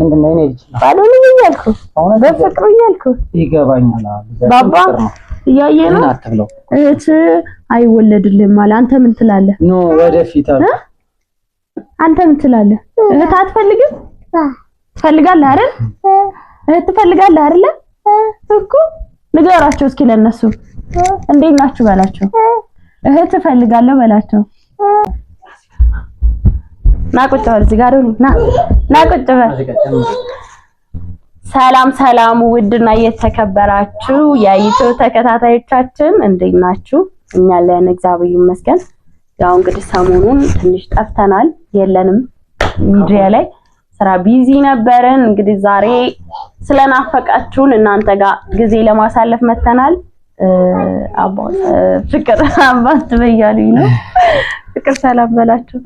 ምንድን ነው የእኔ ልጅ ባልሆንም እያልኩህ በፍቅር እያልኩህ ይገባኛል። ባባ ነው። እህት አይወለድልህም አለ። አንተ ምን ትላለህ? ኖ ወደፊት አለ። አንተ ምን ትላለህ? እህት አትፈልግም? ትፈልጋለህ አይደል? እህት ትፈልጋለህ እኮ ንገራቸው እስኪ ለእነሱ እንዴት ናችሁ በላቸው። እህት እፈልጋለሁ በላቸው። ና ቁጭ በል እዚህ ጋር ና ና ቁጭ በል። ሰላም ሰላም፣ ውድና እየተከበራችሁ የዩቲዩብ ተከታታዮቻችን እንዴት ናችሁ? እኛ ለን እግዚአብሔር ይመስገን። ያው እንግዲህ ሰሞኑን ትንሽ ጠፍተናል፣ የለንም ሚዲያ ላይ ስራ ቢዚ ነበርን። እንግዲህ ዛሬ ስለናፈቃችሁን እናንተ ጋር ጊዜ ለማሳለፍ መተናል። አባ ፍቅር አባት በያሉኝ ነው ፍቅር ሰላም በላችሁ።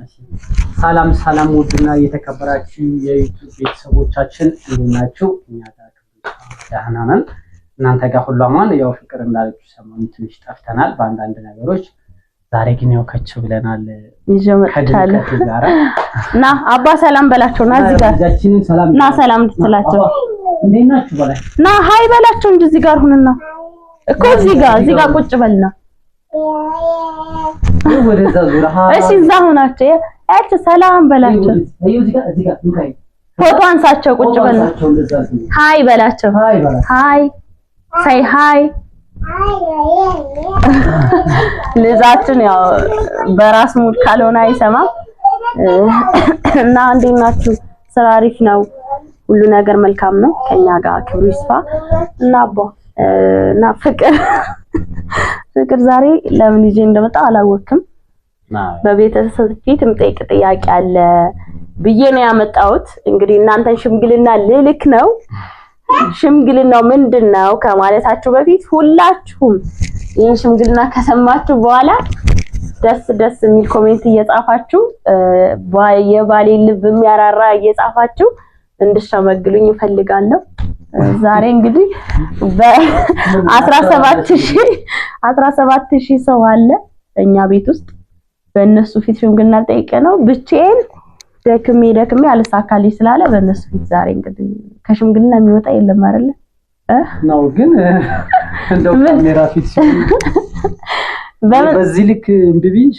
ሰላም ሰላም፣ ውድና እየተከበራችሁ የዩቱብ ቤተሰቦቻችን እንዴት ናችሁ? እኛ ጋር ደህና ነን፣ እናንተ ጋር ሁሉ አማን። ያው ፍቅር እንዳለችው ሰሞኑን ትንሽ ጠፍተናል በአንዳንድ ነገሮች። ዛሬ ግን ያው ከች ብለናል ይዤው መጥቻለሁ እና አባ ሰላም በላቸው እና እዚህ ጋር እና ሰላም እንድትላቸው እንዴት ናችሁ በላቸው እና ሀይ በላቸው እንጂ እዚህ ጋር ሁንና እኮ እዚህ ጋር እዚህ ጋር ቁጭ በልና እሺ፣ እዛ ሆናቸው ያቺ ሰላም በላቸው። ፎቶ አንሳቸው፣ ቁጭ በል። ሃይ በላቸው። ሃይ ሳይ ሃይ ልዛችን ያው በራስ ሙድ ካልሆነ አይሰማም እና እንዴት ናችሁ? ስራ አሪፍ ነው። ሁሉ ነገር መልካም ነው። ከኛ ጋር ክብሩ ይስፋ እና አባ እና ፍቅር ፍቅር ዛሬ ለምን ይዤ እንደመጣሁ አላወቅም። በቤተሰብ ፊት የምጠይቅ ጥያቄ አለ ብዬ ነው ያመጣሁት። እንግዲህ እናንተን ሽምግልና ልልክ ነው። ሽምግልናው ምንድን ነው ከማለታችሁ በፊት ሁላችሁም ይህን ሽምግልና ከሰማችሁ በኋላ ደስ ደስ የሚል ኮሜንት እየጻፋችሁ የባሌ ልብ የሚያራራ እየጻፋችሁ እንድሸመግሉኝ እፈልጋለሁ። ዛሬ እንግዲህ በ17000 17000 ሰው አለ እኛ ቤት ውስጥ በእነሱ ፊት ሽምግልና ጠይቀ ነው ብቻዬን ደክሜ ደክሜ አልሳካሊ ስላለ በእነሱ ፊት ዛሬ እንግዲህ ከሽምግልና የሚወጣ የለም አይደለ ነው ግን እንደው ካሜራ ፊት በዚህ ልክ እንብብሽ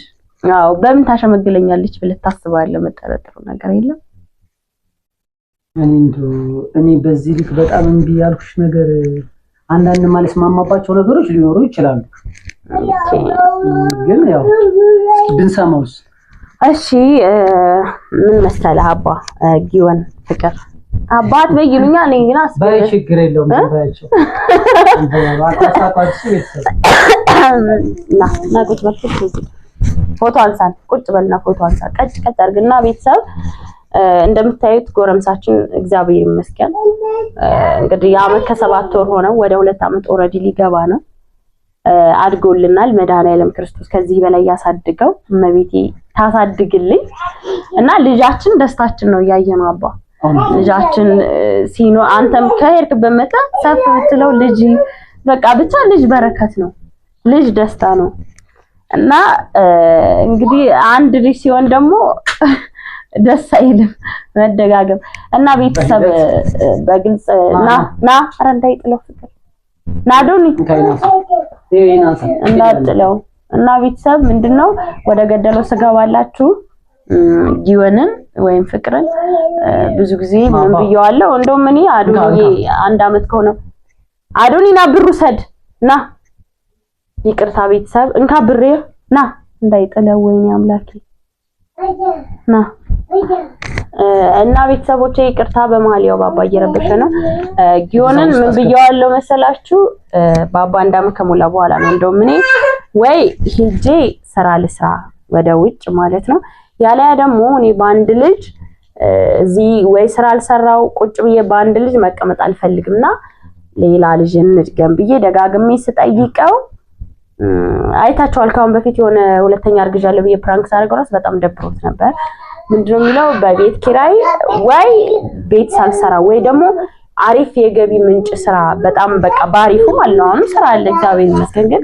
አዎ በምን ታሸመግለኛለች ብለህ ታስባለህ መጠረጥሩ ነገር የለም እኔ እኔ በዚህ ልክ በጣም እምቢ ያልኩሽ ነገር አንዳንድ ማለት ማማባቸው ነገሮች ሊኖሩ ይችላሉ፣ ግን ያው ብንሰማውስ? እሺ ምን መሰለህ አባ ጊዮን ፍቅር አባት በይሉኛ እኔ ግን አስበይ ችግር የለውም ባያቸው ና ና ቁጭ በል ፎቶ አንሳን ቁጭ በልና ፎቶ አንሳ ቀጭ ቀጭ አድርግና ቤተሰብ እንደምታዩት ጎረምሳችን እግዚአብሔር ይመስገን እንግዲህ የዓመት ከሰባት ወር ሆነው ወደ ሁለት አመት ኦልሬዲ ሊገባ ነው። አድጎልናል። መድኃኔዓለም ክርስቶስ ከዚህ በላይ ያሳድገው፣ እመቤቴ ታሳድግልኝ እና ልጃችን ደስታችን ነው። እያየነው አባ ልጃችን ሲኖ አንተም ከሄድክበት መጠን ሰፍ ብትለው ልጅ በቃ ብቻ ልጅ በረከት ነው። ልጅ ደስታ ነው እና እንግዲህ አንድ ልጅ ሲሆን ደግሞ ደስ አይልም መደጋገም እና ቤተሰብ በግልጽ ና ና ኧረ እንዳይጥለው ፍቅር ና ዶኒ እንዳጥለው እና ቤተሰብ ምንድነው ወደ ገደለው ስገባላችሁ ጊወንን ወይም ፍቅርን ብዙ ጊዜ ምን ብየዋለሁ። እንደውም እኔ አዶኒ አንድ አመት ከሆነ አዶኒ ና ብሩ ሰድ ና ይቅርታ ቤተሰብ እንካ ብሬ ና እንዳይጥለው ወይኔ አምላኬ ና እና ቤተሰቦች ይቅርታ በመሀል ያው ባባ እየረበሸ ነው። ጊዮንን ምን ብየዋለው መሰላችሁ? ባባ አንድ ከሞላ በኋላ ነው እንደውም እኔ ወይ ሂጄ ስራ ልስራ ወደ ውጭ ማለት ነው ያለያ ደግሞ እኔ በአንድ ልጅ እዚህ ወይ ስራ አልሰራው ቁጭ ብዬ በአንድ ልጅ መቀመጥ አልፈልግምና ሌላ ልጅ እንድገም ብዬ ደጋግሜ ስጠይቀው አይታችኋል። ካሁን በፊት የሆነ ሁለተኛ እርግዣለሁ ብዬ ፕራንክ ሳደርገው በጣም ደብሮት ነበር። ምንድነው የሚለው በቤት ኪራይ ወይ ቤት ሳልሰራ ወይ ደግሞ አሪፍ የገቢ ምንጭ ስራ በጣም በቃ በአሪፉ ማለት አሁንም ስራ አለ እግዚአብሔር ይመስገን፣ ግን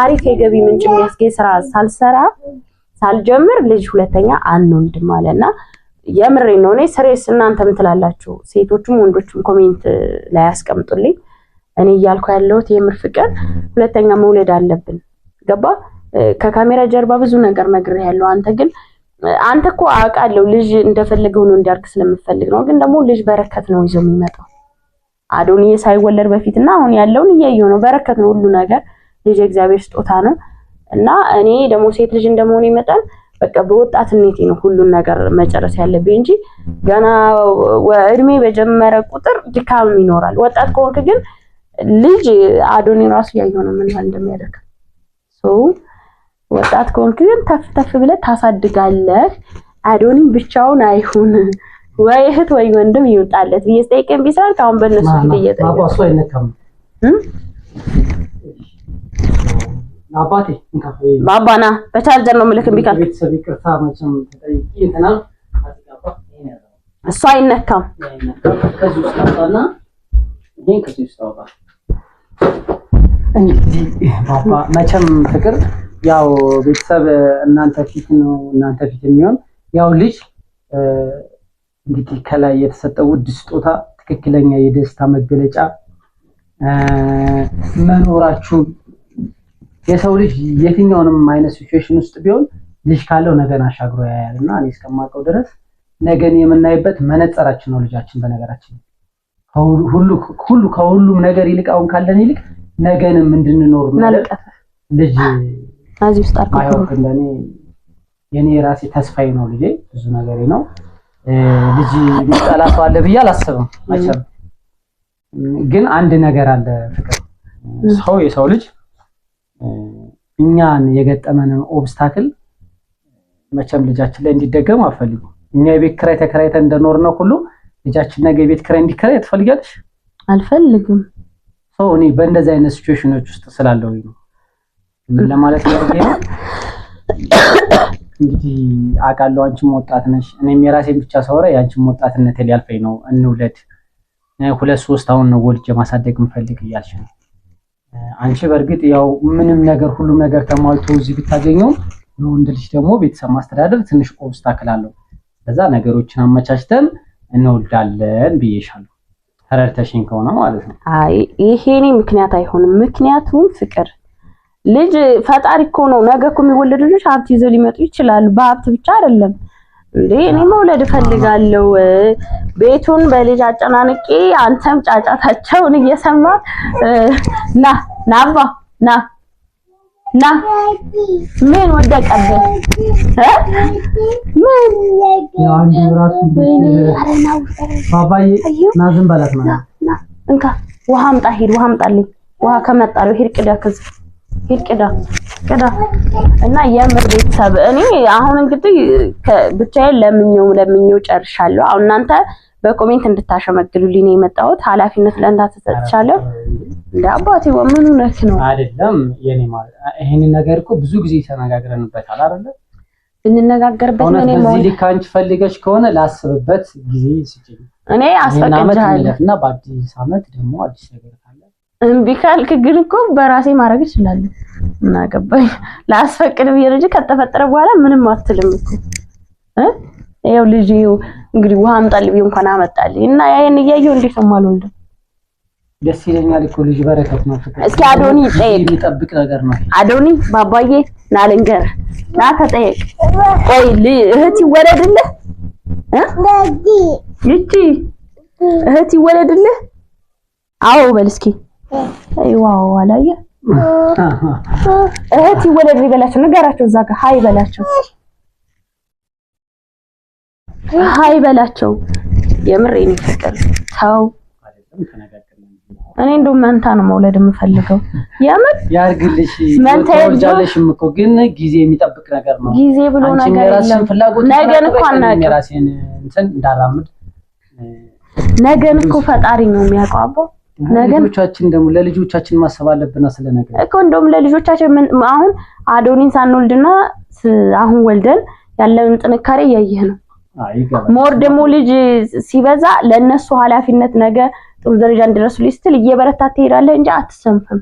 አሪፍ የገቢ ምንጭ የሚያስገኝ ስራ ሳልሰራ ሳልጀምር ልጅ ሁለተኛ አንወልድም አለና የምሬ ነው። እኔ ስሬስ እናንተም ትላላችሁ ሴቶችም ወንዶችም ኮሜንት ላይ ያስቀምጡልኝ። እኔ እያልኩ ያለሁት የምር ፍቅር ሁለተኛ መውለድ አለብን። ገባ ከካሜራ ጀርባ ብዙ ነገር ነግሬ ያለው አንተ ግን አንተ እኮ አውቃለሁ ልጅ እንደፈለገው ነው እንዲያርግ ስለምፈልግ ነው። ግን ደግሞ ልጅ በረከት ነው ይዞ የሚመጣው አዶኒ ሳይወለድ በፊት እና አሁን ያለውን እያየው ነው። በረከት ነው ሁሉ ነገር። ልጅ የእግዚአብሔር ስጦታ ነው እና እኔ ደግሞ ሴት ልጅ እንደመሆን ይመጣል በቃ በወጣትነቴ ነው ሁሉን ነገር መጨረስ ያለብኝ እንጂ ገና እድሜ በጀመረ ቁጥር ድካም ይኖራል። ወጣት ከሆንክ ግን ልጅ አዶኒ ራሱ ያየው ነው ምን ያህል እንደሚያደርግ ወጣት ከሆንክ ግን ተፍ ተፍ ብለህ ታሳድጋለህ። አዶኒም ብቻውን አይሁን ወይ እህት ወይ ወንድም ይውጣለት ብዬ ስጠይቅም ቢሰራል ካሁን በእነሱ ፊት እየጠየቀ አባና በቻርጀር ነው ምልክ ቢካል እሱ አይነካም። መቼም ፍቅር ያው ቤተሰብ እናንተ ፊት ነው እናንተ ፊት የሚሆን ያው ልጅ እንግዲህ ከላይ የተሰጠው ውድ ስጦታ ትክክለኛ የደስታ መገለጫ መኖራችሁ የሰው ልጅ የትኛውንም አይነት ሲቹዌሽን ውስጥ ቢሆን ልጅ ካለው ነገን አሻግሮ ያያል እና እኔ እስከማውቀው ድረስ ነገን የምናይበት መነጽራችን ነው ልጃችን። በነገራችን ሁሉ ከሁሉም ነገር ይልቅ አሁን ካለን ይልቅ ነገንም እንድንኖር ልጅ እዚህ ውስጥ አርካ እንደኔ የኔ የራሴ ተስፋዬ ነው። ልጄ ብዙ ነገሬ ነው። ልጅ ሊጠላ ሰው አለ ብዬ አላስብም። አይቻልም። ግን አንድ ነገር አለ ፍቅር፣ ሰው የሰው ልጅ እኛን የገጠመንን ኦብስታክል መቼም ልጃችን ላይ እንዲደገም አፈልጉ እኛ የቤት ኪራይ ተከራይተን እንደኖርነው ሁሉ ልጃችን ነገ የቤት ክራይ እንዲከራይ ትፈልጊያለሽ? አልፈልግም። ሰው እኔ በእንደዚህ አይነት ሲቹዌሽኖች ውስጥ ስላለው ነው ለማለት ነው። እንግዲህ አውቃለሁ አንቺም ወጣት ነሽ፣ እኔም የራሴን ብቻ ሳወራ የአንቺም ወጣትነት ሊያልፈኝ ነው። እንውለድ ሁለት ሶስት አሁን ነው ወልጄ ማሳደግ የምፈልግ እያልሽ ነው አንቺ። በእርግጥ ያው ምንም ነገር ሁሉም ነገር ተሟልቶ እዚህ ብታገኘው ለወንድ ልጅ ደግሞ ቤተሰብ ማስተዳደር ትንሽ ኦብስታክል አለው። ከዛ ነገሮችን አመቻችተን እንወልዳለን ብዬሻለሁ። ተረድተሽኝ ከሆነ ማለት ነው። አይ ይሄኔ ምክንያት አይሆንም። ምክንያቱም ፍቅር ልጅ ፈጣሪ እኮ ነው። ነገ እኮ የሚወለዱ ልጅ ሀብት ይዘው ሊመጡ ይችላሉ። በሀብት ብቻ አይደለም እንዴ እኔ መውለድ እፈልጋለሁ። ቤቱን በልጅ አጨናንቄ አንተም ጫጫታቸውን እየሰማ ና ናባ ና ና ምን ወደቀብህ? ምን በላት ማለት እንካ ውሃ አምጣ ሂድ ውሃ አምጣልኝ ውሃ ከመጣ ነው ሂድ ቅዳ ከዚህ ሂድ ቅዳ ቅዳ እና የምር ቤተሰብ እኔ አሁን እንግዲህ ብቻዬን ለምኜው ለምኜው ጨርሻለሁ። አሁን እናንተ በኮሜንት እንድታሸመግሉልኝ ነው የመጣሁት። ኃላፊነት ለእንታ ተሰጥቻለሁ። እንደ አባቴ ወምኑ ነክ ነው አይደለም የኔ ማለት ይሄን ነገር እኮ ብዙ ጊዜ ተነጋግረንበታል አይደለ? እንነጋገርበት ነው ነው እዚህ ልክ ፈልገሽ ከሆነ ላስብበት ጊዜ ስጪኝ። እኔ አስፈቅጃለሁ እና በአዲስ አመት ደግሞ አዲስ ነገር እምቢ ካልክ ግን እኮ በራሴ ማድረግ ይችላል። እና ገባኝ ላስፈቅድ ብዬ ልጅ ከተፈጠረ በኋላ ምንም አትልም እኮ ያው ልጅ እንግዲህ ውሃ አምጣል ብዬ እንኳን አመጣል እና ያን እያየሁ እንዴት ነው የማልወልደው? ደስ ይለኛል እኮ ልጅ በረከት ነው። እስኪ አዶኒ ጠየቅ፣ የሚጠብቅ ነገር ነው። አዶኒ ባባዬ ና ልንገርህ፣ ና ተጠየቅ። ቆይ እህት ይወለድልህ እ ይቺ እህት ይወለድልህ? አዎ በል እስኪ ይዋው አላየ እህት ይወለድ ይበላቸው፣ ንገራቸው። እዛ ጋር ሀይ በላቸው፣ ሀይ በላቸው። የምር የኔ ፍቅር ተው። እኔ እንደው መንታ ነው መውለድ የምፈልገው። የምር ያርግልሽ። መንታ ይወልጃለሽም እኮ ግን ጊዜ የሚጠብቅ ነገር ነው። ጊዜ ብሎ ነገር የለም። ነገን እኮ አናውቅም። ራሴን እንትን እንዳራምድ ነገን እኮ ፈጣሪ ነው የሚያውቀው አቦ ነገሮቻችን ደግሞ ለልጆቻችን ማሰብ አለብና ስለነገር እኮ እንደውም ለልጆቻችን አሁን አዶኒን ሳንወልድና አሁን ወልደን ያለውን ጥንካሬ እያየህ ነው። ሞር ደግሞ ልጅ ሲበዛ ለእነሱ ኃላፊነት ነገ ጥሩ ደረጃ እንዲደርሱ ስትል እየበረታ ትሄዳለህ እንጂ አትሰንፍም።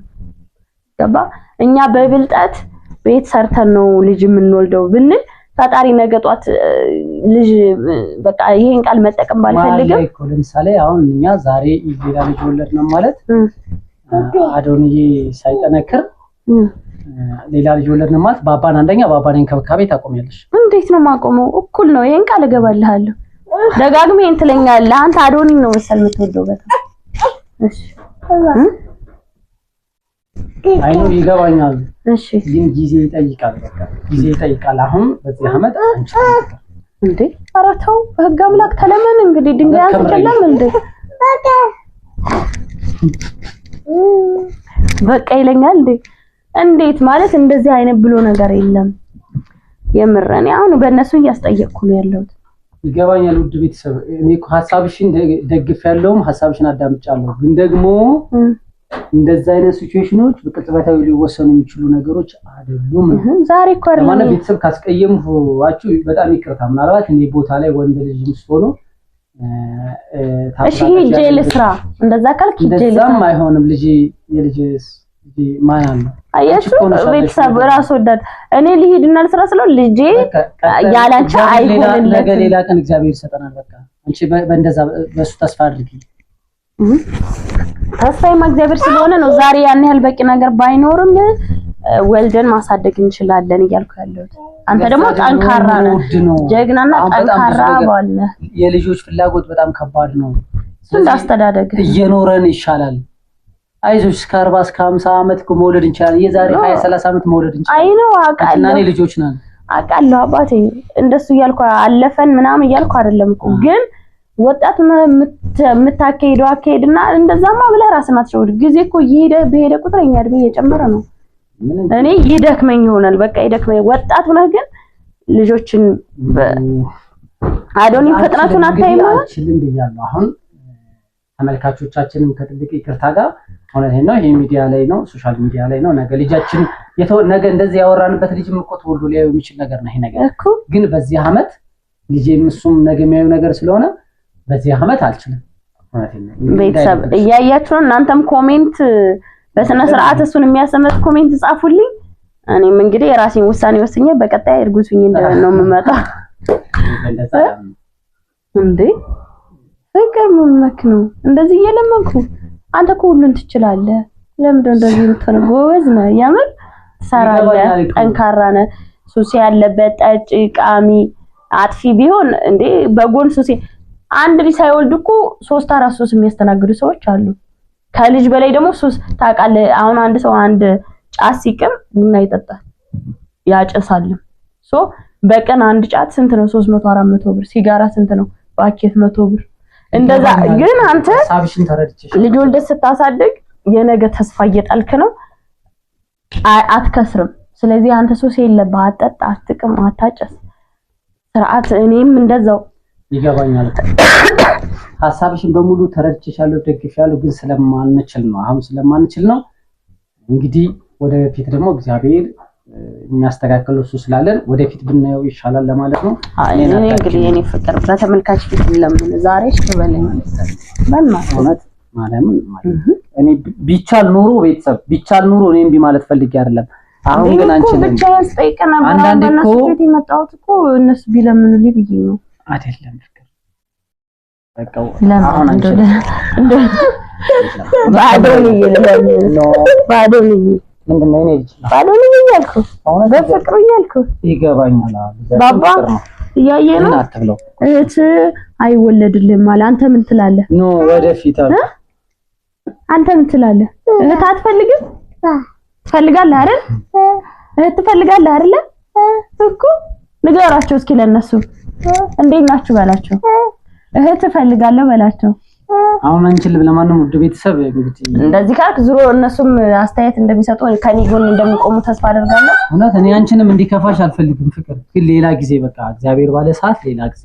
ገባ እኛ በብልጠት ቤት ሰርተን ነው ልጅ የምንወልደው ብንል ፈጣሪ ነገ ጧት ልጅ በቃ ይሄን ቃል መጠቀም ባልፈልግም እኮ ለምሳሌ አሁን እኛ ዛሬ ሌላ ልጅ ወለድ ነው ማለት አዶንዬ ሳይጠነክር ሌላ ልጅ ወለድ ነው ማለት ባባን አንደኛ ባባን እንክብካቤ ታቆሚያለሽ። እንዴት ነው ማቆመው? እኩል ነው። ይሄን ቃል እገባልሃለሁ። ደጋግሜ ይሄን ትለኛለህ። አንተ አዶኒ ነው መሰል የምትወደው በጣም እሺ። አይኑ ይገባኛል ግን ጊዜ ይጠይቃል። በቃ ጊዜ ይጠይቃል። አሁን በዚህ አመት እንዴ ኧረ ተው፣ በህግ አምላክ ተለመን። እንግዲህ ድንጋይ አንስጨለም እንዴ በቃ ይለኛል እንዴ። እንዴት ማለት እንደዚህ አይነት ብሎ ነገር የለም። የምር እኔ አሁን በእነሱ እያስጠየቅኩ ነው ያለሁት። ይገባኛል። ውድ ቤተሰብ እኔ ሀሳብሽን ደግፍ ያለውም ሀሳብሽን አዳምጫለሁ ግን ደግሞ እንደዛ አይነት ሲቹዌሽኖች በቅጽበታዊ ሊወሰኑ የሚችሉ ነገሮች አይደሉም። ዛሬ እኮ ለማለት ቤተሰብ ካስቀየምኋችሁ በጣም ይቅርታ። ምናልባት እኔ ቦታ ላይ ወንድ ልጅ ምስ ሆኖ እሺ ሂጄ ልስራ እንደዛ ካልክ ሂጄ ልስራ አይሆንም። ልጅ የልጅ ማን አለ አየሽ፣ ቤተሰብ ራስ ወዳድ እኔ ልሂድና ልስራ ስለው ልጄ ያላንቺ አይሆንም። ነገ ሌላ ቀን እግዚአብሔር ይሰጠናል። በቃ አንቺ በእንደዛ በሱ ተስፋ አድርጊ ተስፋዬም እግዚአብሔር ስለሆነ ነው። ዛሬ ያን ያህል በቂ ነገር ባይኖርም ወልደን ማሳደግ እንችላለን እያልኩ ያለሁት። አንተ ደግሞ ጠንካራ ነህ፣ ጀግናና ጠንካራ ባለ የልጆች ፍላጎት በጣም ከባድ ነው። እንዳስተዳደግ እየኖረን ይሻላል። አይዞሽ እስከ 40 እስከ 50 ዓመት መውለድ እንችላለን። የዛሬ 20 30 ዓመት መውለድ እንችላለን። አይ ነው አውቃለሁ። እኔ ልጆች ነን አውቃለሁ አባቴ። እንደሱ እያልኩ አለፈን ምናምን እያልኩ አይደለም እኮ ግን ወጣት የምታካሄደው አካሄድና እንደዛማ ብለህ ራስን አትሸውድ። ጊዜ እኮ እየሄደ በሄደ ቁጥር እኛ እድሜ እየጨመረ ነው። እኔ ይደክመኝ ይሆናል በቃ ይደክመኝ። ወጣት ሆነህ ግን ልጆችን አዶኒ ፈጥናቱን አታይም። አልችልም ብያለሁ። አሁን ተመልካቾቻችንም ከጥብቅ ይቅርታ ጋር ሆነ ይሄ ነው። ይሄ ሚዲያ ላይ ነው፣ ሶሻል ሚዲያ ላይ ነው። ነገ ልጃችን የተወ ነገ እንደዚህ ያወራንበት ልጅ እኮ ተወልዶ ሊያዩ የሚችል ነገር ነው። ይሄ ነገር ግን በዚህ አመት ልጄም እሱም ነገ የሚያዩ ነገር ስለሆነ በዚህ አመት አልችልም። ቤተሰብ እያያችሁ ነው። እናንተም ኮሜንት በስነ ስርዓት እሱን የሚያሰመት ኮሜንት ጻፉልኝ። እኔም እንግዲህ የራሴን ውሳኔ ወስኜ በቀጣይ እርጉዝ ሁኜ ነው የምመጣው። እንዴ ፍቅር መመክ ነው እንደዚህ እየለመንኩ አንተ እኮ ሁሉን ትችላለህ። ለምንድን እንደዚህ የምትሆነው? ጎበዝ ነህ፣ የምር ትሰራለህ፣ ጠንካራ ነህ። ሱሴ ያለበት ጠጪ፣ ቃሚ፣ አጥፊ ቢሆን እንዴ በጎን ሱሴ አንድ ልጅ ሳይወልድ እኮ ሶስት አራት ሱስ የሚያስተናግዱ ሰዎች አሉ። ከልጅ በላይ ደግሞ ሱስ ታውቃለህ። አሁን አንድ ሰው አንድ ጫት ሲቅም ቡና ይጠጣል ያጨሳልም። ሶ በቀን አንድ ጫት ስንት ነው? 300 400 ብር። ሲጋራ ስንት ነው? ባኬት መቶ ብር። እንደዛ ግን አንተ ልጅ ወልደህ ስታሳድግ የነገ ተስፋ እየጣልክ ነው፣ አትከስርም። ስለዚህ አንተ ሱስ የለብህ፣ አትጠጣ፣ አትቅም፣ አታጨስ። ስርዓት እኔም እንደዛው ይገባኛል። ሀሳብሽን በሙሉ ተረድቼሻለሁ፣ ደግፌሻለሁ፣ ግን ስለማንችል ነው አሁን ስለማንችል ነው። እንግዲህ ወደፊት ደግሞ እግዚአብሔር የሚያስተካክለው እሱ ስላለን ወደፊት ብናየው ይሻላል ለማለት ነው። እኔ እንግዲህ የኔ ፍቅር በተመልካች ፊት ለምን ዛሬ ሽበለኝ ማለት ማለምን እኔ ቢቻል ኑሮ ቤተሰብ ቢቻል ኑሮ እኔ እምቢ ማለት ፈልጌ አይደለም። አሁን ግን አንቺ ነኝ ብቻ ያስጠይቀና አንዳንዴ እኮ የመጣሁት እኮ እነሱ ቢለምኑልኝ ብዬ ነው አይደለም አይወለድልም አለ። አንተ ምን ትላለህ? ኖ ወደፊት አለ። አንተ ምን ትላለህ? እህት አትፈልግም? ትፈልጋለህ አይደል? እህት ትፈልጋለህ አይደል? እኮ ንገራቸው እስኪ ለእነሱ እንዴት ናችሁ በላቸው። እህት እፈልጋለሁ በላቸው። አሁን አንቺን ለማንም ውድ ቤተሰብ እንግዲህ እንደዚህ ካልክ ዙሮ እነሱም አስተያየት እንደሚሰጡ ከኔ ጎን እንደሚቆሙ ተስፋ አደርጋለሁ። እውነት እኔ አንቺንም እንዲከፋሽ አልፈልግም ፍቅር፣ ግን ሌላ ጊዜ በቃ እግዚአብሔር ባለ ሰዓት ሌላ ጊዜ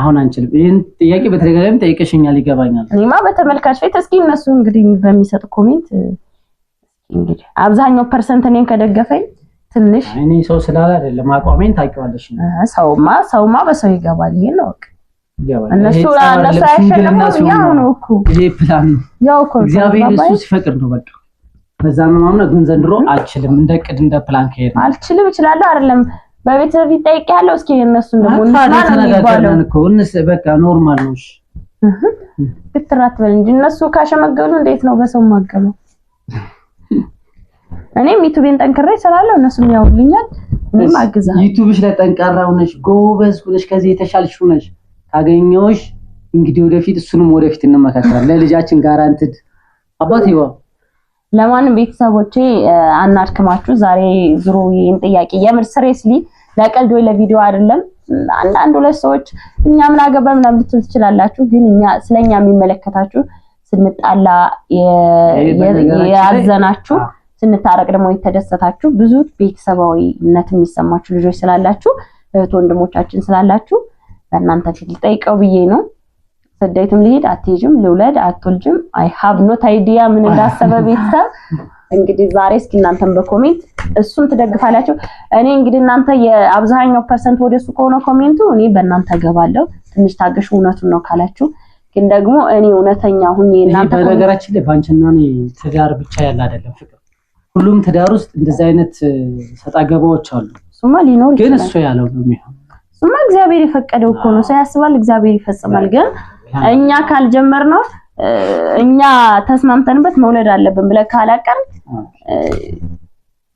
አሁን አንችልም። ይህን ጥያቄ በተደጋጋሚ ጠይቀሽኛል፣ ይገባኛል። እኔማ በተመልካች ፊት እስኪ እነሱ እንግዲህ በሚሰጥ ኮሜንት እንግዲህ አብዛኛው ፐርሰንት እኔን ከደገፈኝ ትንሽ እኔ ሰው ስላለ አይደለም አቋሜን ታውቂዋለሽ። ሰውማ ሰውማ በሰው ይገባል። ይሄን ነው እነሱ እነሱ ነው እኮ ይሄ ፕላን ነው። እግዚአብሔር እሱ ሲፈቅድ ነው በቃ በዛ ነው የማምነው። ግን ዘንድሮ አልችልም። እንደ ቅድ እንደ ፕላን ከሄድ አልችልም እችላለሁ አይደለም በቤተሰብ ይጠይቃለሁ። እስኪ እነሱ ደግሞ እንስማማለን እኮ እንስ በቃ ኖርማል ነው። እሺ ብትራት በል እንጂ እነሱ ካሸመገሉ እንዴት ነው በሰው ማገሉ? እኔም ዩቲዩብን ጠንክሬ እሰራለሁ፣ እነሱም ያውልኛል። እኔም አግዛለሁ። ዩቲዩብሽ ላይ ጠንካራ ሆነሽ ጎበዝ ሆነሽ ከዚህ የተሻልሽ ሆነሽ ካገኘሁሽ እንግዲህ ወደፊት እሱንም ወደፊት እንመካከራለን። ለልጃችን ጋራንትድ አባት ይዋ ለማንም ቤተሰቦቼ አናድክማችሁ። ዛሬ ዙሩ ይህን ጥያቄ የምር ስሬስሊ ለቀልድ ወይ ለቪዲዮ አይደለም። አንዳንድ ሁለት ሰዎች እኛ ምን አገባ ምናምን ልትል ትችላላችሁ፣ ግን እኛ ስለኛ የሚመለከታችሁ ስንጣላ የያዘናችሁ ስንታረቅ ደግሞ የተደሰታችሁ ብዙ ቤተሰባዊነት የሚሰማችሁ ልጆች ስላላችሁ እህት ወንድሞቻችን ስላላችሁ በእናንተ ፊት ልጠይቀው ብዬ ነው። ስደትም ልሂድ አትሄጂም፣ ልውለድ አትወልጂም፣ አይ ሀብ ኖት አይዲያ ምን እንዳሰበ ቤተሰብ እንግዲህ ዛሬ እስኪ እናንተም በኮሜንት እሱን ትደግፋላችሁ። እኔ እንግዲህ እናንተ የአብዛኛው ፐርሰንት ወደሱ ከሆነ ኮሜንቱ እኔ በእናንተ እገባለሁ። ትንሽ ታገሹ እውነቱን ነው ካላችሁ ግን ደግሞ እኔ እውነተኛ ሁኜ እናንተ በነገራችን ላይ ባንቺና ትዳር ብቻ ያለ አይደለም ፍቅር፣ ሁሉም ትዳር ውስጥ እንደዚህ አይነት ሰጣ ገባዎች አሉ። እሱማ ሊኖር ግን እሱ ያለው ነው የሚሆነው እሱማ እግዚአብሔር የፈቀደው እኮ ነው። ሰው ያስባል፣ እግዚአብሔር ይፈጽማል። ግን እኛ ካልጀመርነው እኛ ተስማምተንበት መውለድ አለብን ብለህ ካላቀር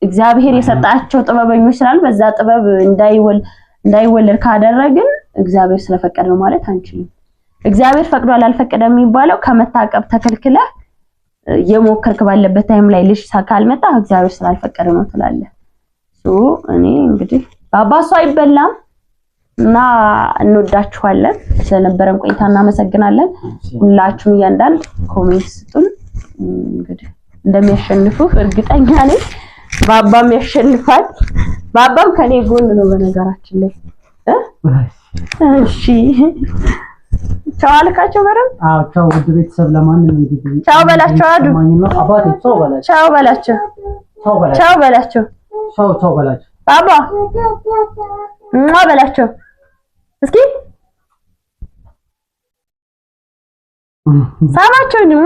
እግዚአብሔር የሰጣቸው ጥበበኞች ስላሉ በዛ ጥበብ እንዳይወለድ ካደረግን እግዚአብሔር ስለፈቀደ ነው ማለት አንችልም። እግዚአብሔር ፈቅዷል አልፈቀደም የሚባለው ከመታቀብ ተከልክለህ የሞከርክ ባለበት ታይም ላይ ልጅ ካልመጣ እግዚአብሔር ስላልፈቀደ ነው ትላለህ። እኔ እንግዲህ በአባሱ አይበላም እና እንወዳችኋለን። ስለነበረን ቆይታ እናመሰግናለን። ሁላችሁም እያንዳንድ ኮሜንት ስጡን። እንግዲህ እንደሚያሸንፉ እርግጠኛ ነኝ። ባባም ያሸንፋል። ባባም ከኔ ጎን ነው በነገራችን ላይ እሺ። ቻው አልካቸው በረም አዎ ቻው ውድ ቤተሰብ። ለማንም እንግዲህ ቻው በላቸው። አዱ አባቴ ቻው በላቸው። ቻው በላቸው። ቻው በላቸው። ቻው ቻው በላቸው። ባባ እማ በላቸው። እስኪ ሳማቸው ነው